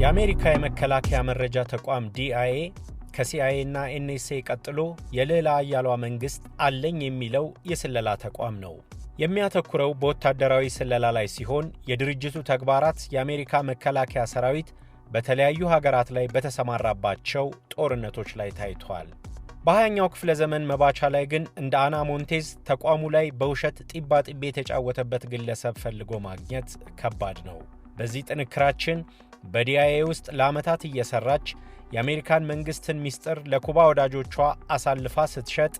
የአሜሪካ የመከላከያ መረጃ ተቋም ዲአይኤ ከሲአይኤ እና ኤንኤስኤ ቀጥሎ የልዕለ አያሏ መንግሥት አለኝ የሚለው የስለላ ተቋም ነው። የሚያተኩረው በወታደራዊ ስለላ ላይ ሲሆን የድርጅቱ ተግባራት የአሜሪካ መከላከያ ሰራዊት በተለያዩ ሀገራት ላይ በተሰማራባቸው ጦርነቶች ላይ ታይቷል። በሀያኛው ክፍለ ዘመን መባቻ ላይ ግን እንደ አና ሞንቴዝ ተቋሙ ላይ በውሸት ጢቤ የተጫወተበት ግለሰብ ፈልጎ ማግኘት ከባድ ነው። በዚህ ጥንክራችን በዲአይኤ ውስጥ ለዓመታት እየሰራች የአሜሪካን መንግሥትን ምስጢር ለኩባ ወዳጆቿ አሳልፋ ስትሸጥ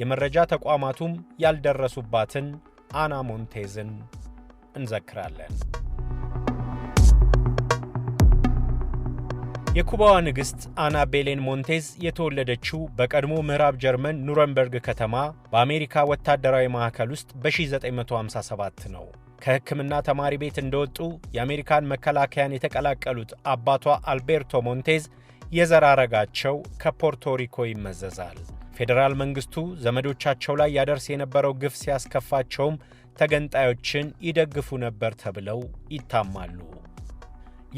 የመረጃ ተቋማቱም ያልደረሱባትን አና ሞንቴዝን እንዘክራለን። የኩባዋ ንግሥት አና ቤሌን ሞንቴዝ የተወለደችው በቀድሞ ምዕራብ ጀርመን ኑረንበርግ ከተማ በአሜሪካ ወታደራዊ ማዕከል ውስጥ በ1957 ነው። ከሕክምና ተማሪ ቤት እንደወጡ የአሜሪካን መከላከያን የተቀላቀሉት አባቷ አልቤርቶ ሞንቴዝ የዘራረጋቸው ከፖርቶሪኮ ይመዘዛል። ፌዴራል መንግስቱ ዘመዶቻቸው ላይ ያደርስ የነበረው ግፍ ሲያስከፋቸውም ተገንጣዮችን ይደግፉ ነበር ተብለው ይታማሉ።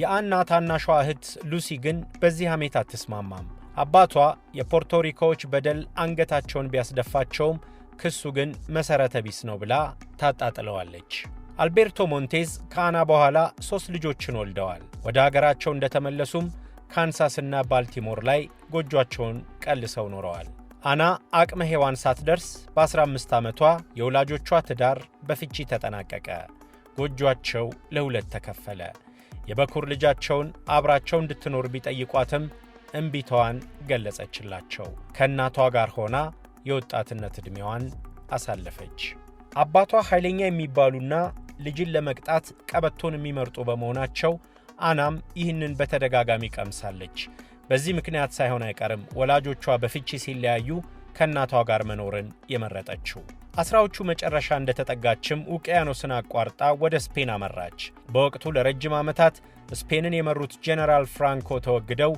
የአና ታናሿ እህት ሉሲ ግን በዚህ አሜት አትስማማም። አባቷ የፖርቶሪኮዎች በደል አንገታቸውን ቢያስደፋቸውም ክሱ ግን መሠረተ ቢስ ነው ብላ ታጣጥለዋለች። አልቤርቶ ሞንቴዝ ከአና በኋላ ሦስት ልጆችን ወልደዋል። ወደ አገራቸው እንደተመለሱም ካንሳስና ባልቲሞር ላይ ጎጇቸውን ቀልሰው ኖረዋል። አና አቅመ ሔዋን ሳትደርስ በ15 ዓመቷ የወላጆቿ ትዳር በፍቺ ተጠናቀቀ። ጎጇቸው ለሁለት ተከፈለ። የበኩር ልጃቸውን አብራቸው እንድትኖር ቢጠይቋትም እምቢታዋን ገለጸችላቸው። ከእናቷ ጋር ሆና የወጣትነት ዕድሜዋን አሳለፈች። አባቷ ኃይለኛ የሚባሉና ልጅን ለመቅጣት ቀበቶን የሚመርጡ በመሆናቸው አናም ይህንን በተደጋጋሚ ቀምሳለች። በዚህ ምክንያት ሳይሆን አይቀርም ወላጆቿ በፍቺ ሲለያዩ ከእናቷ ጋር መኖርን የመረጠችው። አስራዎቹ መጨረሻ እንደተጠጋችም ውቅያኖስን አቋርጣ ወደ ስፔን አመራች። በወቅቱ ለረጅም ዓመታት ስፔንን የመሩት ጄኔራል ፍራንኮ ተወግደው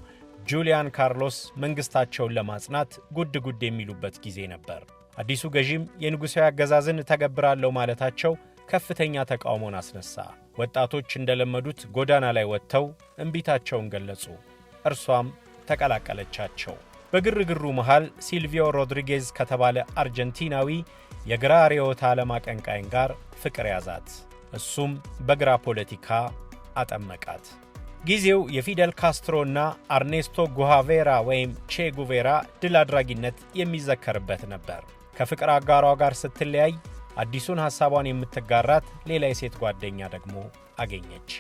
ጁሊያን ካርሎስ መንግሥታቸውን ለማጽናት ጉድ ጉድ የሚሉበት ጊዜ ነበር። አዲሱ ገዢም የንጉሣዊ አገዛዝን ተገብራለሁ ማለታቸው ከፍተኛ ተቃውሞን አስነሳ። ወጣቶች እንደለመዱት ጎዳና ላይ ወጥተው እምቢታቸውን ገለጹ። እርሷም ተቀላቀለቻቸው። በግርግሩ መሃል ሲልቪዮ ሮድሪጌዝ ከተባለ አርጀንቲናዊ የግራ ርዕዮተ ዓለም አቀንቃኝ ጋር ፍቅር ያዛት። እሱም በግራ ፖለቲካ አጠመቃት። ጊዜው የፊደል ካስትሮና አርኔስቶ ጉሃቬራ ወይም ቼ ጉቬራ ድል አድራጊነት የሚዘከርበት ነበር። ከፍቅር አጋሯ ጋር ስትለያይ አዲሱን ሐሳቧን የምትጋራት ሌላ የሴት ጓደኛ ደግሞ አገኘች።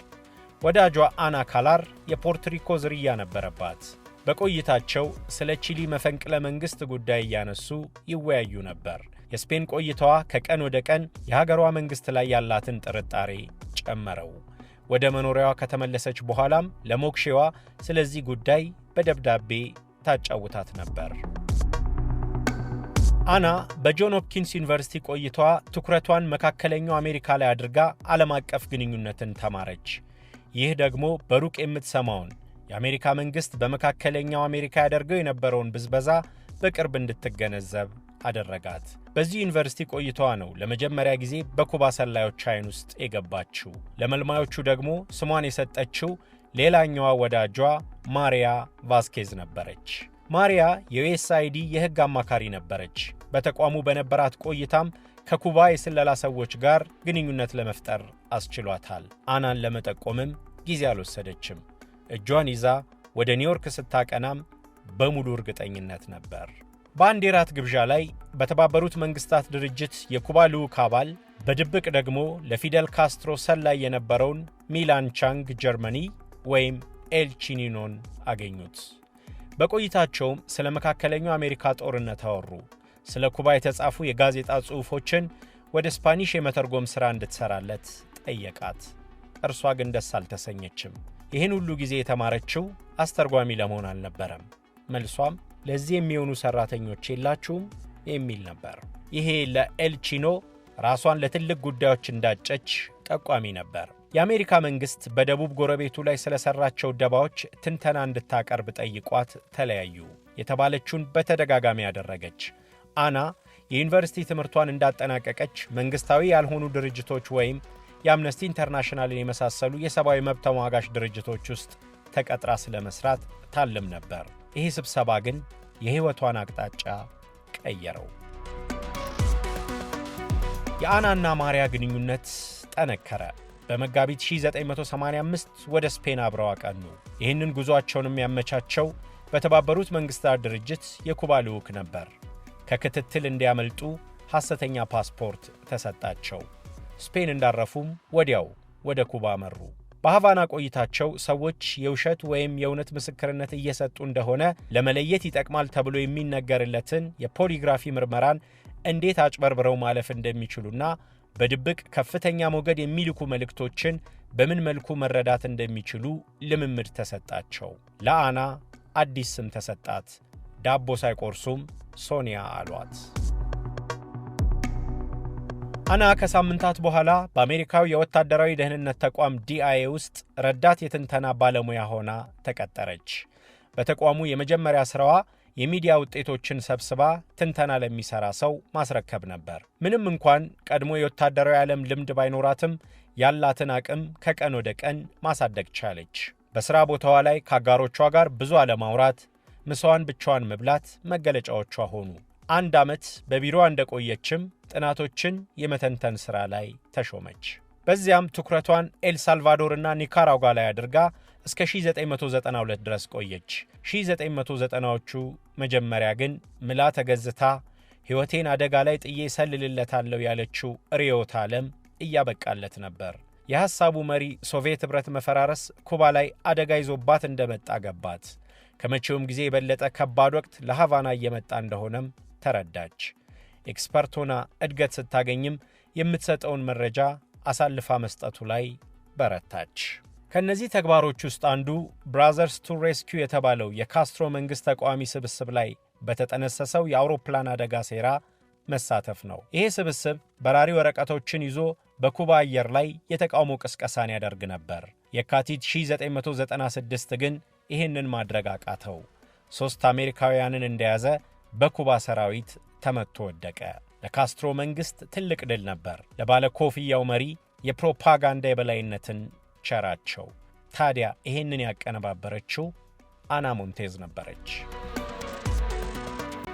ወዳጇ አና ካላር የፖርትሪኮ ዝርያ ነበረባት። በቆይታቸው ስለ ቺሊ መፈንቅለ መንግሥት ጉዳይ እያነሱ ይወያዩ ነበር። የስፔን ቆይታዋ ከቀን ወደ ቀን የሀገሯ መንግሥት ላይ ያላትን ጥርጣሬ ጨመረው። ወደ መኖሪያዋ ከተመለሰች በኋላም ለሞክሼዋ ስለዚህ ጉዳይ በደብዳቤ ታጫውታት ነበር። አና በጆን ሆፕኪንስ ዩኒቨርሲቲ ቆይቷ ትኩረቷን መካከለኛው አሜሪካ ላይ አድርጋ ዓለም አቀፍ ግንኙነትን ተማረች። ይህ ደግሞ በሩቅ የምትሰማውን የአሜሪካ መንግሥት በመካከለኛው አሜሪካ ያደርገው የነበረውን ብዝበዛ በቅርብ እንድትገነዘብ አደረጋት። በዚህ ዩኒቨርሲቲ ቆይቷ ነው ለመጀመሪያ ጊዜ በኩባ ሰላዮች አይን ውስጥ የገባችው። ለመልማዮቹ ደግሞ ስሟን የሰጠችው ሌላኛዋ ወዳጇ ማሪያ ቫስኬዝ ነበረች። ማሪያ የዩኤስአይዲ የሕግ አማካሪ ነበረች። በተቋሙ በነበራት ቆይታም ከኩባ የስለላ ሰዎች ጋር ግንኙነት ለመፍጠር አስችሏታል። አናን ለመጠቆምም ጊዜ አልወሰደችም። እጇን ይዛ ወደ ኒውዮርክ ስታቀናም በሙሉ እርግጠኝነት ነበር። በአንድ የራት ግብዣ ላይ በተባበሩት መንግስታት ድርጅት የኩባ ልዑክ አባል በድብቅ ደግሞ ለፊደል ካስትሮ ሰላይ የነበረውን ሚላን ቻንግ ጀርመኒ ወይም ኤልቺኒኖን አገኙት። በቆይታቸውም ስለ መካከለኛው አሜሪካ ጦርነት አወሩ። ስለ ኩባ የተጻፉ የጋዜጣ ጽሑፎችን ወደ ስፓኒሽ የመተርጎም ሥራ እንድትሠራለት ጠየቃት። እርሷ ግን ደስ አልተሰኘችም። ይህን ሁሉ ጊዜ የተማረችው አስተርጓሚ ለመሆን አልነበረም። መልሷም ለዚህ የሚሆኑ ሠራተኞች የላችሁም የሚል ነበር። ይሄ ለኤልቺኖ ራሷን ለትልቅ ጉዳዮች እንዳጨች ጠቋሚ ነበር። የአሜሪካ መንግሥት በደቡብ ጎረቤቱ ላይ ስለሰራቸው ደባዎች ትንተና እንድታቀርብ ጠይቋት ተለያዩ የተባለችውን በተደጋጋሚ ያደረገች አና የዩኒቨርሲቲ ትምህርቷን እንዳጠናቀቀች መንግሥታዊ ያልሆኑ ድርጅቶች ወይም የአምነስቲ ኢንተርናሽናልን የመሳሰሉ የሰብአዊ መብት ተሟጋች ድርጅቶች ውስጥ ተቀጥራ ስለ ታልም ነበር። ይህ ስብሰባ ግን የሕይወቷን አቅጣጫ ቀየረው። የአናና ማሪያ ግንኙነት ጠነከረ። በመጋቢት 1985 ወደ ስፔን አብረው አቀኑ። ይህንን ጉዞአቸውንም ያመቻቸው በተባበሩት መንግሥታት ድርጅት የኩባ ልዑክ ነበር። ከክትትል እንዲያመልጡ ሐሰተኛ ፓስፖርት ተሰጣቸው። ስፔን እንዳረፉም ወዲያው ወደ ኩባ መሩ። በሐቫና ቆይታቸው ሰዎች የውሸት ወይም የእውነት ምስክርነት እየሰጡ እንደሆነ ለመለየት ይጠቅማል ተብሎ የሚነገርለትን የፖሊግራፊ ምርመራን እንዴት አጭበርብረው ማለፍ እንደሚችሉና በድብቅ ከፍተኛ ሞገድ የሚልኩ መልእክቶችን በምን መልኩ መረዳት እንደሚችሉ ልምምድ ተሰጣቸው። ለአና አዲስ ስም ተሰጣት። ዳቦ ሳይቆርሱም ሶኒያ አሏት። አና ከሳምንታት በኋላ በአሜሪካዊ የወታደራዊ ደህንነት ተቋም ዲአይኤ ውስጥ ረዳት የትንተና ባለሙያ ሆና ተቀጠረች። በተቋሙ የመጀመሪያ ሥራዋ የሚዲያ ውጤቶችን ሰብስባ ትንተና ለሚሰራ ሰው ማስረከብ ነበር። ምንም እንኳን ቀድሞ የወታደራዊ ዓለም ልምድ ባይኖራትም ያላትን አቅም ከቀን ወደ ቀን ማሳደግ ቻለች። በሥራ ቦታዋ ላይ ከአጋሮቿ ጋር ብዙ አለማውራት፣ ምሳዋን ብቻዋን መብላት መገለጫዎቿ ሆኑ። አንድ ዓመት በቢሮዋ እንደቆየችም ጥናቶችን የመተንተን ሥራ ላይ ተሾመች። በዚያም ትኩረቷን ኤልሳልቫዶርና ኒካራጓ ላይ አድርጋ እስከ 1992 ድረስ ቆየች። 1990ዎቹ መጀመሪያ ግን ምላ ተገዝታ ሕይወቴን አደጋ ላይ ጥዬ ሰልልለታለሁ ያለችው ርዕዮተ ዓለም እያበቃለት ነበር። የሐሳቡ መሪ ሶቪየት ኅብረት መፈራረስ ኩባ ላይ አደጋ ይዞባት እንደመጣ ገባት። ከመቼውም ጊዜ የበለጠ ከባድ ወቅት ለሐቫና እየመጣ እንደሆነም ተረዳች። ኤክስፐርት ሆና እድገት ስታገኝም የምትሰጠውን መረጃ አሳልፋ መስጠቱ ላይ በረታች። ከእነዚህ ተግባሮች ውስጥ አንዱ ብራዘርስ ቱ ሬስኪው የተባለው የካስትሮ መንግሥት ተቃዋሚ ስብስብ ላይ በተጠነሰሰው የአውሮፕላን አደጋ ሴራ መሳተፍ ነው። ይሄ ስብስብ በራሪ ወረቀቶችን ይዞ በኩባ አየር ላይ የተቃውሞ ቅስቀሳን ያደርግ ነበር። የካቲት 1996 ግን ይህንን ማድረግ አቃተው። ሦስት አሜሪካውያንን እንደያዘ በኩባ ሰራዊት ተመቶ ወደቀ። ለካስትሮ መንግሥት ትልቅ ድል ነበር። ለባለ ኮፍያው መሪ የፕሮፓጋንዳ የበላይነትን ቸራቸው። ታዲያ ይሄንን ያቀነባበረችው አና ሞንቴዝ ነበረች።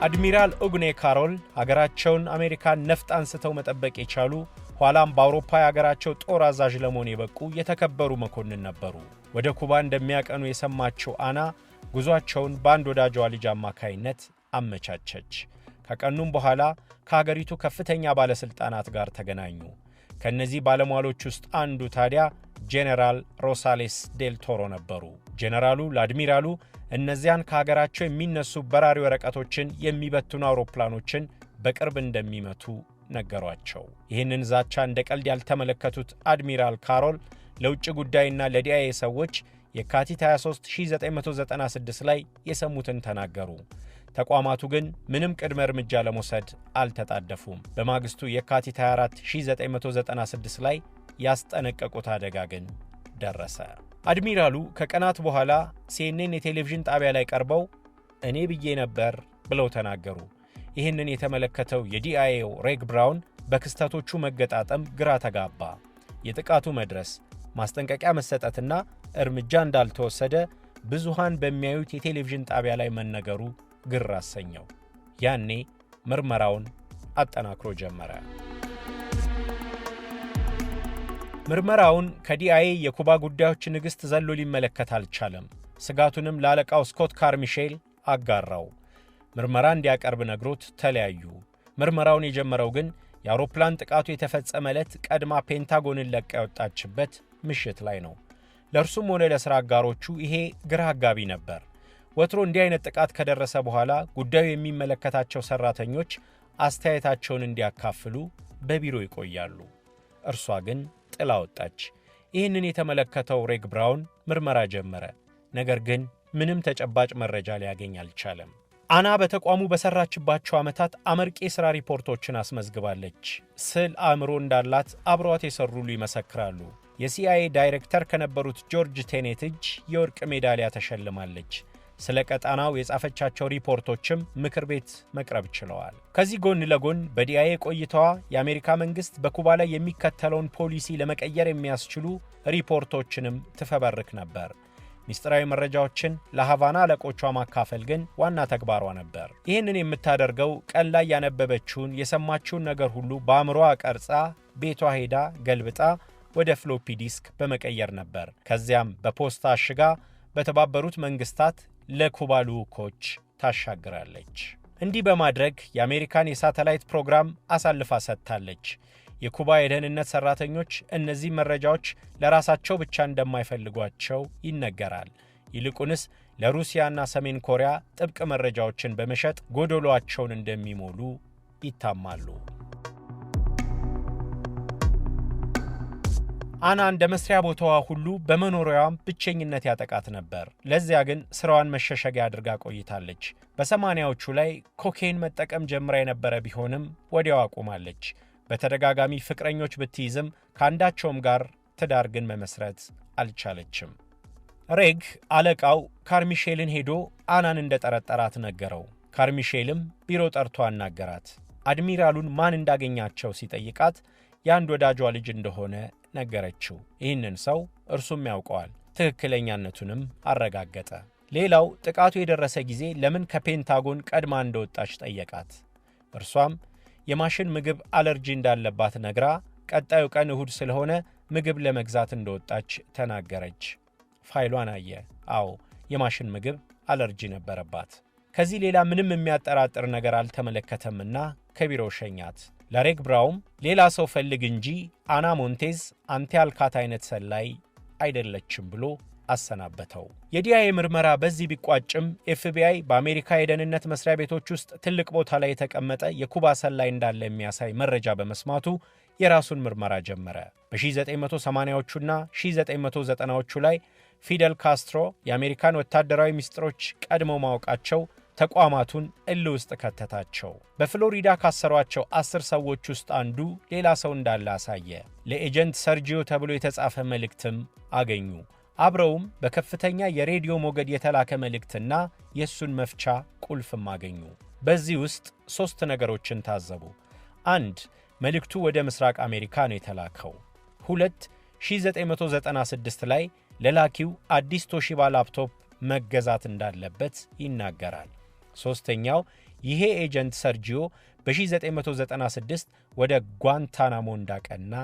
አድሚራል ኡግኔ ካሮል ሀገራቸውን አሜሪካን ነፍጥ አንስተው መጠበቅ የቻሉ ኋላም በአውሮፓ የሀገራቸው ጦር አዛዥ ለመሆን የበቁ የተከበሩ መኮንን ነበሩ። ወደ ኩባ እንደሚያቀኑ የሰማችው አና ጉዟቸውን በአንድ ወዳጇ ልጅ አማካይነት አመቻቸች። ከቀኑም በኋላ ከሀገሪቱ ከፍተኛ ባለሥልጣናት ጋር ተገናኙ። ከእነዚህ ባለሟሎች ውስጥ አንዱ ታዲያ ጄኔራል ሮሳሌስ ዴል ቶሮ ነበሩ። ጄኔራሉ ለአድሚራሉ እነዚያን ከሀገራቸው የሚነሱ በራሪ ወረቀቶችን የሚበትኑ አውሮፕላኖችን በቅርብ እንደሚመቱ ነገሯቸው። ይህንን ዛቻ እንደ ቀልድ ያልተመለከቱት አድሚራል ካሮል ለውጭ ጉዳይና ለዲአይኤ ሰዎች የካቲት 23 1996 ላይ የሰሙትን ተናገሩ። ተቋማቱ ግን ምንም ቅድመ እርምጃ ለመውሰድ አልተጣደፉም። በማግስቱ የካቲት 24 1996 ላይ ያስጠነቀቁት አደጋ ግን ደረሰ። አድሚራሉ ከቀናት በኋላ ሲኤንኤን የቴሌቪዥን ጣቢያ ላይ ቀርበው እኔ ብዬ ነበር ብለው ተናገሩ። ይህንን የተመለከተው የዲአይኤው ሬግ ብራውን በክስተቶቹ መገጣጠም ግራ ተጋባ። የጥቃቱ መድረስ ማስጠንቀቂያ መሰጠትና እርምጃ እንዳልተወሰደ ብዙሃን በሚያዩት የቴሌቪዥን ጣቢያ ላይ መነገሩ ግር አሰኘው። ያኔ ምርመራውን አጠናክሮ ጀመረ። ምርመራውን ከዲአይኤ የኩባ ጉዳዮች ንግሥት ዘሎ ሊመለከት አልቻለም። ስጋቱንም ለአለቃው ስኮት ካርሚሼል አጋራው። ምርመራ እንዲያቀርብ ነግሮት ተለያዩ። ምርመራውን የጀመረው ግን የአውሮፕላን ጥቃቱ የተፈጸመ ዕለት ቀድማ ፔንታጎንን ለቃ የወጣችበት ምሽት ላይ ነው። ለእርሱም ሆነ ለሥራ አጋሮቹ ይሄ ግራ አጋቢ ነበር። ወትሮ እንዲህ አይነት ጥቃት ከደረሰ በኋላ ጉዳዩ የሚመለከታቸው ሰራተኞች አስተያየታቸውን እንዲያካፍሉ በቢሮ ይቆያሉ። እርሷ ግን ጥላ ወጣች። ይህንን የተመለከተው ሬግ ብራውን ምርመራ ጀመረ። ነገር ግን ምንም ተጨባጭ መረጃ ሊያገኝ አልቻለም። አና በተቋሙ በሰራችባቸው ዓመታት አመርቂ የሥራ ሪፖርቶችን አስመዝግባለች። ስዕል አእምሮ እንዳላት አብሯት የሠሩሉ ይመሰክራሉ። የሲአይኤ ዳይሬክተር ከነበሩት ጆርጅ ቴኔት እጅ የወርቅ ሜዳሊያ ተሸልማለች። ስለ ቀጣናው የጻፈቻቸው ሪፖርቶችም ምክር ቤት መቅረብ ችለዋል። ከዚህ ጎን ለጎን በዲአይኤ ቆይታዋ የአሜሪካ መንግስት በኩባ ላይ የሚከተለውን ፖሊሲ ለመቀየር የሚያስችሉ ሪፖርቶችንም ትፈበርክ ነበር። ሚስጥራዊ መረጃዎችን ለሀቫና አለቆቿ ማካፈል ግን ዋና ተግባሯ ነበር። ይህንን የምታደርገው ቀን ላይ ያነበበችውን የሰማችውን ነገር ሁሉ በአእምሮዋ ቀርጻ ቤቷ ሄዳ ገልብጣ ወደ ፍሎፒ ዲስክ በመቀየር ነበር። ከዚያም በፖስታ አሽጋ በተባበሩት መንግስታት ለኩባ ልዑኮች ታሻግራለች። እንዲህ በማድረግ የአሜሪካን የሳተላይት ፕሮግራም አሳልፋ ሰጥታለች። የኩባ የደህንነት ሰራተኞች እነዚህ መረጃዎች ለራሳቸው ብቻ እንደማይፈልጓቸው ይነገራል። ይልቁንስ ለሩሲያና ሰሜን ኮሪያ ጥብቅ መረጃዎችን በመሸጥ ጎደሏቸውን እንደሚሞሉ ይታማሉ። አና እንደ መስሪያ ቦታዋ ሁሉ በመኖሪያዋም ብቸኝነት ያጠቃት ነበር። ለዚያ ግን ስራዋን መሸሸጊያ አድርጋ ቆይታለች። በሰማንያዎቹ ላይ ኮኬን መጠቀም ጀምራ የነበረ ቢሆንም ወዲያው አቁማለች። በተደጋጋሚ ፍቅረኞች ብትይዝም ከአንዳቸውም ጋር ትዳር ግን መመስረት አልቻለችም። ሬግ አለቃው ካርሚሼልን ሄዶ አናን እንደ ጠረጠራት ነገረው። ካርሚሼልም ቢሮ ጠርቶ አናገራት። አድሚራሉን ማን እንዳገኛቸው ሲጠይቃት የአንድ ወዳጇ ልጅ እንደሆነ ነገረችው። ይህንን ሰው እርሱም ያውቀዋል። ትክክለኛነቱንም አረጋገጠ። ሌላው ጥቃቱ የደረሰ ጊዜ ለምን ከፔንታጎን ቀድማ እንደወጣች ጠየቃት። እርሷም የማሽን ምግብ አለርጂ እንዳለባት ነግራ ቀጣዩ ቀን እሁድ ስለሆነ ምግብ ለመግዛት እንደወጣች ተናገረች። ፋይሏን አየ። አዎ የማሽን ምግብ አለርጂ ነበረባት። ከዚህ ሌላ ምንም የሚያጠራጥር ነገር አልተመለከተምና ከቢሮው ሸኛት። ለሬግ ብራውም ሌላ ሰው ፈልግ እንጂ አና ሞንቴዝ አንተ ያልካት አይነት ሰላይ አይደለችም ብሎ አሰናበተው። የዲአይኤ ምርመራ በዚህ ቢቋጭም ኤፍቢአይ በአሜሪካ የደህንነት መስሪያ ቤቶች ውስጥ ትልቅ ቦታ ላይ የተቀመጠ የኩባ ሰላይ እንዳለ የሚያሳይ መረጃ በመስማቱ የራሱን ምርመራ ጀመረ። በ1980ዎቹና 1990ዎቹ ላይ ፊደል ካስትሮ የአሜሪካን ወታደራዊ ሚስጥሮች ቀድሞ ማወቃቸው ተቋማቱን እል ውስጥ ከተታቸው። በፍሎሪዳ ካሰሯቸው አስር ሰዎች ውስጥ አንዱ ሌላ ሰው እንዳለ አሳየ። ለኤጀንት ሰርጂዮ ተብሎ የተጻፈ መልእክትም አገኙ። አብረውም በከፍተኛ የሬዲዮ ሞገድ የተላከ መልእክትና የእሱን መፍቻ ቁልፍም አገኙ። በዚህ ውስጥ ሦስት ነገሮችን ታዘቡ። አንድ መልእክቱ ወደ ምስራቅ አሜሪካ ነው የተላከው። ሁለት 1996 ላይ ለላኪው አዲስ ቶሺባ ላፕቶፕ መገዛት እንዳለበት ይናገራል። ሶስተኛው ይሄ ኤጀንት ሰርጂዮ በ1996 ወደ ጓንታናሞ እንዳቀና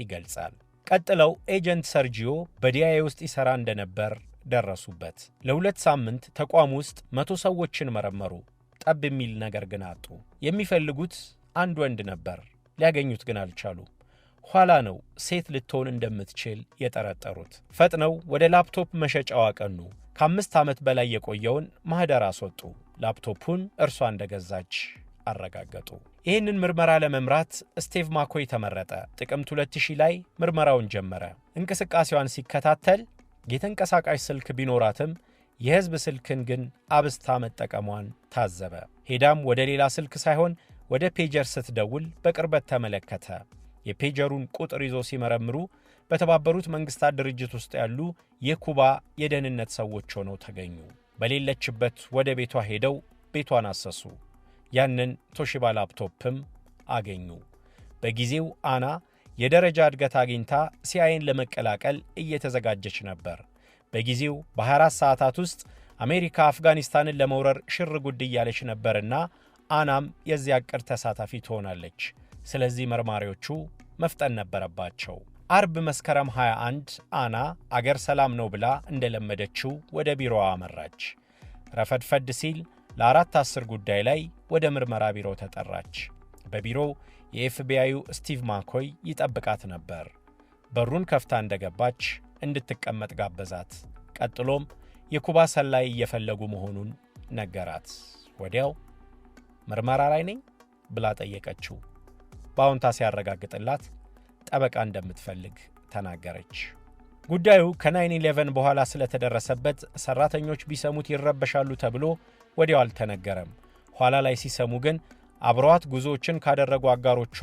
ይገልጻል። ቀጥለው ኤጀንት ሰርጂዮ በዲያዬ ውስጥ ይሠራ እንደነበር ደረሱበት። ለሁለት ሳምንት ተቋም ውስጥ መቶ ሰዎችን መረመሩ። ጠብ የሚል ነገር ግን አጡ። የሚፈልጉት አንድ ወንድ ነበር፣ ሊያገኙት ግን አልቻሉ። ኋላ ነው ሴት ልትሆን እንደምትችል የጠረጠሩት። ፈጥነው ወደ ላፕቶፕ መሸጫው አቀኑ። ከአምስት ዓመት በላይ የቆየውን ማኅደር አስወጡ። ላፕቶፑን እርሷ እንደገዛች አረጋገጡ። ይህንን ምርመራ ለመምራት ስቴቭ ማኮይ ተመረጠ። ጥቅምት 2000 ላይ ምርመራውን ጀመረ። እንቅስቃሴዋን ሲከታተል የተንቀሳቃሽ ስልክ ቢኖራትም የህዝብ ስልክን ግን አብስታ መጠቀሟን ታዘበ። ሄዳም ወደ ሌላ ስልክ ሳይሆን ወደ ፔጀር ስትደውል በቅርበት ተመለከተ። የፔጀሩን ቁጥር ይዞ ሲመረምሩ በተባበሩት መንግሥታት ድርጅት ውስጥ ያሉ የኩባ የደህንነት ሰዎች ሆነው ተገኙ። በሌለችበት ወደ ቤቷ ሄደው ቤቷን አሰሱ። ያንን ቶሺባ ላፕቶፕም አገኙ። በጊዜው አና የደረጃ እድገት አግኝታ ሲአይኤን ለመቀላቀል እየተዘጋጀች ነበር። በጊዜው በ24 ሰዓታት ውስጥ አሜሪካ አፍጋኒስታንን ለመውረር ሽር ጉድ እያለች ነበርና አናም የዚያ ዕቅድ ተሳታፊ ትሆናለች። ስለዚህ መርማሪዎቹ መፍጠን ነበረባቸው። አርብ መስከረም 21 አና አገር ሰላም ነው ብላ እንደለመደችው ወደ ቢሮዋ አመራች። ረፈድፈድ ሲል ለአራት አስር ጉዳይ ላይ ወደ ምርመራ ቢሮ ተጠራች። በቢሮው የኤፍቢአዩ ስቲቭ ማኮይ ይጠብቃት ነበር። በሩን ከፍታ እንደገባች እንድትቀመጥ ጋበዛት። ቀጥሎም የኩባ ሰላይ እየፈለጉ መሆኑን ነገራት። ወዲያው ምርመራ ላይ ነኝ ብላ ጠየቀችው። በአዎንታ ሲያረጋግጥላት ጠበቃ እንደምትፈልግ ተናገረች። ጉዳዩ ከናይን ኢሌቨን በኋላ ስለተደረሰበት ሰራተኞች ቢሰሙት ይረበሻሉ ተብሎ ወዲያው አልተነገረም። ኋላ ላይ ሲሰሙ ግን አብረዋት ጉዞዎችን ካደረጉ አጋሮቿ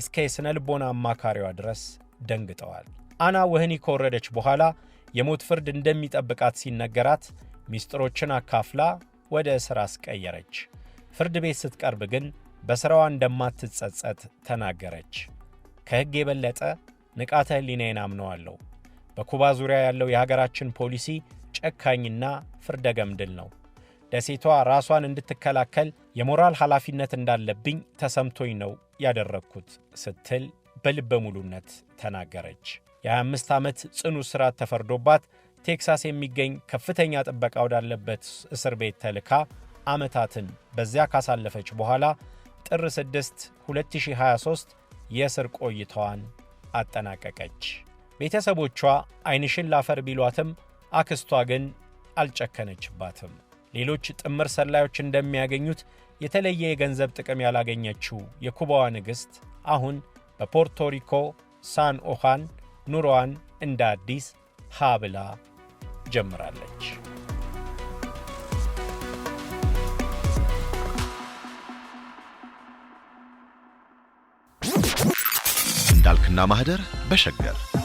እስከ የሥነ ልቦና አማካሪዋ ድረስ ደንግጠዋል። አና ወህኒ ከወረደች በኋላ የሞት ፍርድ እንደሚጠብቃት ሲነገራት ሚስጥሮችን አካፍላ ወደ ሥራ አስቀየረች። ፍርድ ቤት ስትቀርብ ግን በሥራዋ እንደማትጸጸት ተናገረች። ከሕግ የበለጠ ንቃተ ሕሊናዬን አምነዋለሁ። በኩባ ዙሪያ ያለው የሀገራችን ፖሊሲ ጨካኝና ፍርደ ገምድል ነው። ደሴቷ ራሷን እንድትከላከል የሞራል ኃላፊነት እንዳለብኝ ተሰምቶኝ ነው ያደረግኩት ስትል በልበ ሙሉነት ተናገረች። የ25 ዓመት ጽኑ እስራት ተፈርዶባት ቴክሳስ የሚገኝ ከፍተኛ ጥበቃ ወዳለበት እስር ቤት ተልካ ዓመታትን በዚያ ካሳለፈች በኋላ ጥር 6 2023 የእስር ቆይታዋን አጠናቀቀች። ቤተሰቦቿ ዓይንሽን ላፈር ቢሏትም አክስቷ ግን አልጨከነችባትም። ሌሎች ጥምር ሰላዮች እንደሚያገኙት የተለየ የገንዘብ ጥቅም ያላገኘችው የኩባዋ ንግሥት አሁን በፖርቶሪኮ ሳን ኦሃን ኑሮዋን እንደ አዲስ ሀብላ ጀምራለች። ሀብትና ማህደር በሸገር